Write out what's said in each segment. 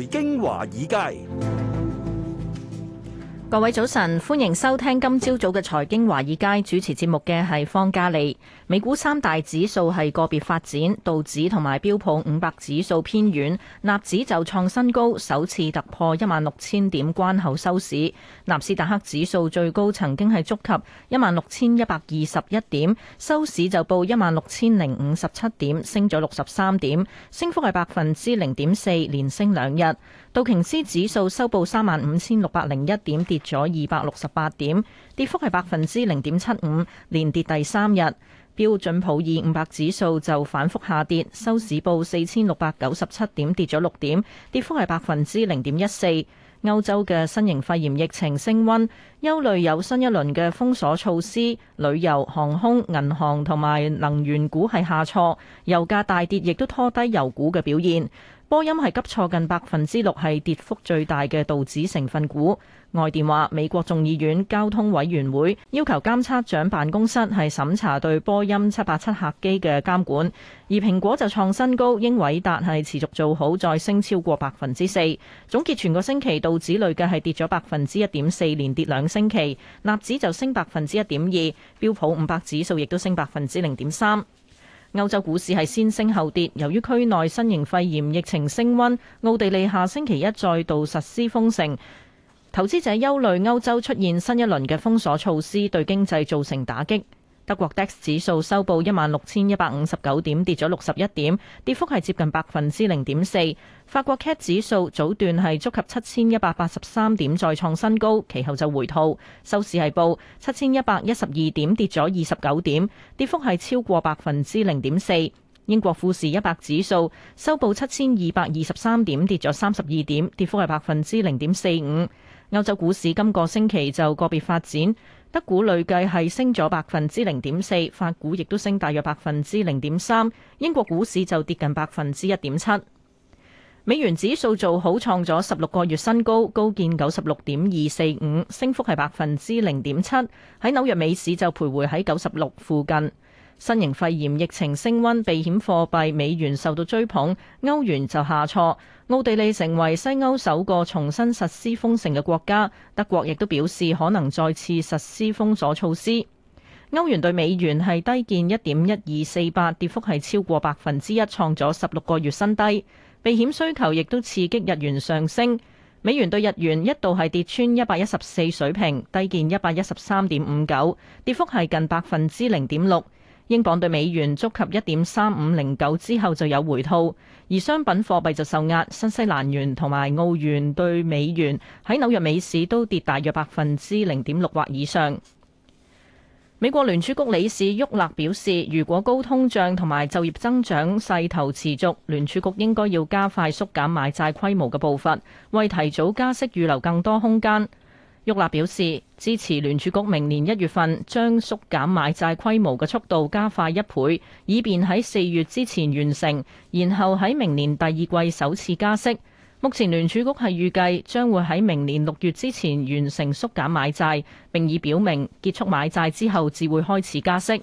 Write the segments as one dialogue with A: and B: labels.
A: 《財經華爾街》。
B: 各位早晨，歡迎收聽今朝早嘅財經華爾街，主持節目嘅係方嘉莉。美股三大指數係個別發展，道指同埋標普五百指數偏軟，納指就創新高，首次突破一萬六千點關口收市。納斯達克指數最高曾經係觸及一萬六千一百二十一點，收市就報一萬六千零五十七點，升咗六十三點，升幅係百分之零點四，連升兩日。道瓊斯指數收報三萬五千六百零一點，跌咗二百六十八點，跌幅係百分之零點七五，連跌第三日。標準普爾五百指數就反覆下跌，收市報四千六百九十七點，跌咗六點，跌幅係百分之零點一四。歐洲嘅新型肺炎疫情升溫，憂慮有新一輪嘅封鎖措施，旅遊、航空、銀行同埋能源股係下挫，油價大跌亦都拖低油股嘅表現。波音係急挫近百分之六，係跌幅最大嘅道指成分股。外電話美國眾議院交通委員會要求監察長辦公室係審查對波音七八七客機嘅監管。而蘋果就創新高，英偉達係持續做好，再升超過百分之四。總結全個星期，道指累計係跌咗百分之一點四，連跌兩星期。納指就升百分之一點二，標普五百指數亦都升百分之零點三。歐洲股市係先升後跌，由於區內新型肺炎疫情升溫，奧地利下星期一再度實施封城，投資者憂慮歐洲出現新一輪嘅封鎖措施對經濟造成打擊。德國 DAX 指數收報一萬六千一百五十九點，跌咗六十一點，跌幅係接近百分之零點四。法國 CAC 指數早段係觸及七千一百八十三點，再創新高，其後就回吐，收市係報七千一百一十二點，跌咗二十九點，跌幅係超過百分之零點四。英國富時一百指數收報七千二百二十三點，跌咗三十二點，跌幅係百分之零點四五。歐洲股市今個星期就個別發展。德股累計係升咗百分之零點四，法股亦都升大約百分之零點三，英國股市就跌近百分之一點七。美元指數做好，創咗十六個月新高，高見九十六點二四五，升幅係百分之零點七。喺紐約美市就徘徊喺九十六附近。新型肺炎疫情升溫，避險貨幣美元受到追捧，歐元就下挫。奧地利成為西歐首個重新實施封城嘅國家，德國亦都表示可能再次實施封鎖措施。歐元對美元係低見一點一二四八，跌幅係超過百分之一，創咗十六個月新低。避險需求亦都刺激日元上升，美元對日元一度係跌穿一百一十四水平，低見一百一十三點五九，跌幅係近百分之零點六。英鎊對美元觸及1.3509之後就有回吐，而商品貨幣就受壓，新西蘭元同埋澳元對美元喺紐約美市都跌大約百分之零點六或以上。美國聯儲局理事沃勒表示，如果高通脹同埋就業增長勢頭持續，聯儲局應該要加快縮減買債規模嘅步伐，為提早加息預留更多空間。沃勒表示支持聯儲局明年一月份將縮減買債規模嘅速度加快一倍，以便喺四月之前完成，然後喺明年第二季首次加息。目前聯儲局係預計將會喺明年六月之前完成縮減買債，並已表明結束買債之後至會開始加息。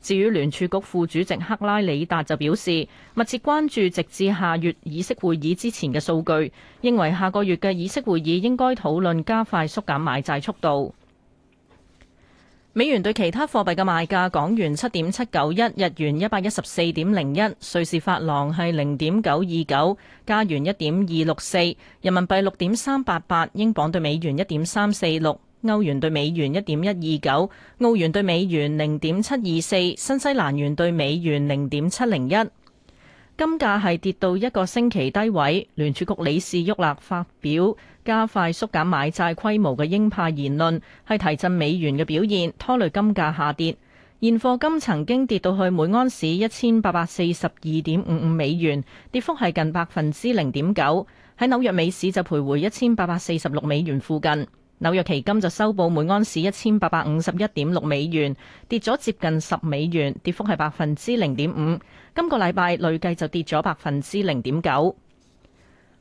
B: 至於聯儲局副主席克拉里達就表示，密切關注直至下月議息會議之前嘅數據，認為下個月嘅議息會議應該討論加快縮減買債速度。美元對其他貨幣嘅賣價：港元七點七九一，日元一百一十四點零一，瑞士法郎係零點九二九，加元一點二六四，人民幣六點三八八，英鎊對美元一點三四六。歐元對美元一點一二九，澳元對美元零點七二四，新西蘭元對美元零點七零一。金價係跌到一個星期低位。聯儲局理事沃勒發表加快縮減買債規模嘅鷹派言論，係提振美元嘅表現，拖累金價下跌。現貨金曾經跌到去每安士一千八百四十二點五五美元，跌幅係近百分之零點九。喺紐約美市就徘徊一千八百四十六美元附近。紐約期金就收報每安士一千八百五十一點六美元，跌咗接近十美元，跌幅係百分之零點五。今個禮拜累計就跌咗百分之零點九。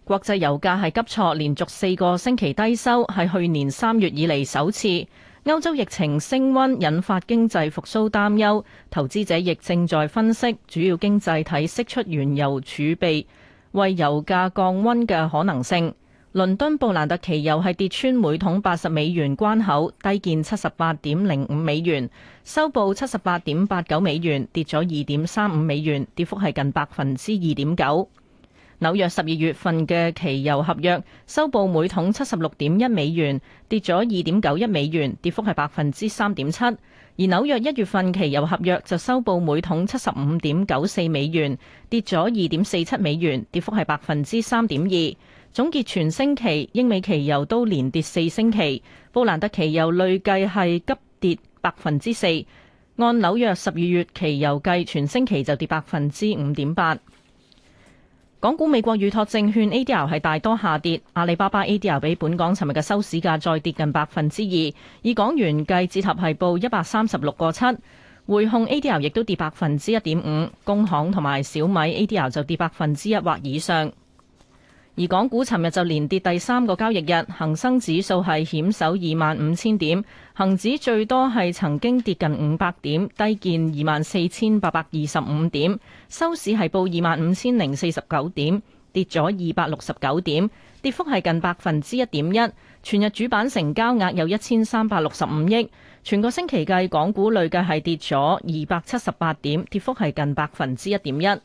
B: 國際油價係急挫，連續四個星期低收，係去年三月以嚟首次。歐洲疫情升温，引發經濟復蘇擔憂，投資者亦正在分析主要經濟體釋出原油儲備，為油價降溫嘅可能性。倫敦布蘭特期油係跌穿每桶八十美元關口，低見七十八點零五美元，收報七十八點八九美元，跌咗二點三五美元，跌幅係近百分之二點九。紐約十二月份嘅期油合約收報每桶七十六點一美元，跌咗二點九一美元，跌幅係百分之三點七。而紐約一月份期油合約就收報每桶七十五點九四美元，跌咗二點四七美元，跌幅係百分之三點二。總結全星期，英美期油都連跌四星期，布蘭特期油累計係急跌百分之四。按紐約十二月期油計，計全星期就跌百分之五點八。港股美國預託證券 ADR 係大多下跌，阿里巴巴 ADR 比本港尋日嘅收市價再跌近百分之二，以港元計，折合係報一百三十六個七，匯控 ADR 亦都跌百分之一點五，工行同埋小米 ADR 就跌百分之一或以上。而港股尋日就連跌第三個交易日，恒生指數係險守二萬五千點，恒指最多係曾經跌近五百點，低見二萬四千八百二十五點，收市係報二萬五千零四十九點，跌咗二百六十九點，跌幅係近百分之一點一。全日主板成交額有一千三百六十五億，全個星期計，港股累計係跌咗二百七十八點，跌幅係近百分之一點一。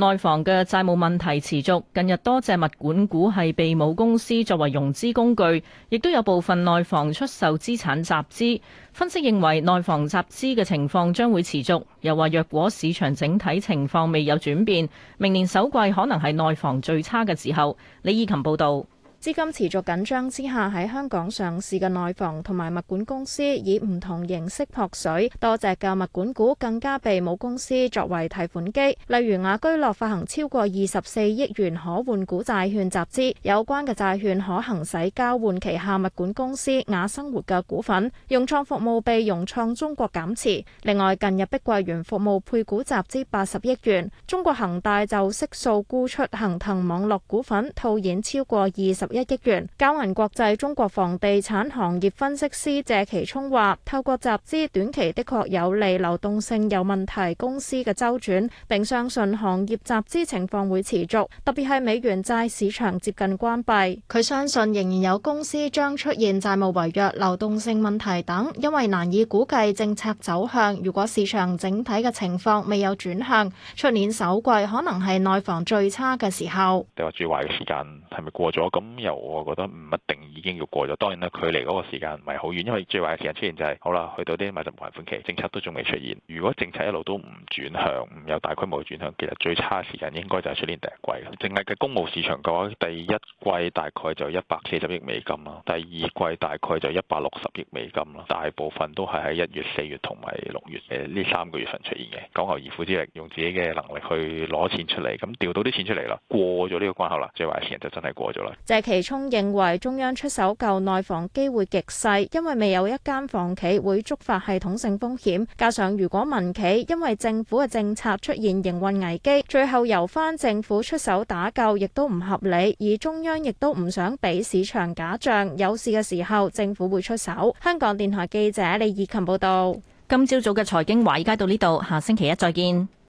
B: 內房嘅債務問題持續，近日多隻物管股係被母公司作為融資工具，亦都有部分內房出售資產集資。分析認為，內房集資嘅情況將會持續。又話，若果市場整體情況未有轉變，明年首季可能係內房最差嘅時候。李以琴報導。
A: 資金持續緊張之下，喺香港上市嘅內房同埋物管公司以唔同形式撲水，多隻嘅物管股更加被母公司作為提款機。例如雅居樂發行超過二十四億元可換股債券集資，有關嘅債券可行使交換旗下物管公司雅生活嘅股份。融創服務被融創中國減持。另外，近日碧桂園服務配股集資八十億元，中國恒大就悉數沽出恒騰網絡股份，套現超過二十一億元，交銀國際中國房地產行業分析師謝其聰話，透過集資，短期的確有利流動性有問題公司嘅周轉，並相信行業集資情況會持續，特別係美元債市場接近關閉。佢相信仍然有公司將出現債務違約、流動性問題等，因為難以估計政策走向。如果市場整體嘅情況未有轉向，出年首季可能係內房最差嘅時候。
B: 你話最壞嘅時間係咪過咗？咁又我覺得唔一定已經要過咗，當然啦，距離嗰個時間唔係好遠，因為最壞嘅時間出現就係好啦，去到啲咪就還款期，政策都仲未出現。如果政策一路都唔轉向，唔有大規模嘅轉向，其實最差嘅時間應該就係出年第一季。淨係嘅公務市場嘅話，第一季大概就一百四十億美金啦，第二季大概就一百六十億美金啦，大部分都係喺一月、四月同埋六月誒呢三個月份出現嘅。九牛二虎之力，用自己嘅能力去攞錢出嚟，咁調到啲錢出嚟啦，過咗呢個關口啦，最壞嘅時間就真係過咗
A: 啦。 其聰認為中央出手救內房機會極細，因為未有一間房企會觸發系統性風險，加上如果民企因為政府嘅政策出現營運危機，最後由翻政府出手打救亦都唔合理，而中央亦都唔想俾市場假象，有事嘅時候政府會出手。香港電台記者李以勤報道。今朝早嘅財經華爾街到呢度，下星期一再見。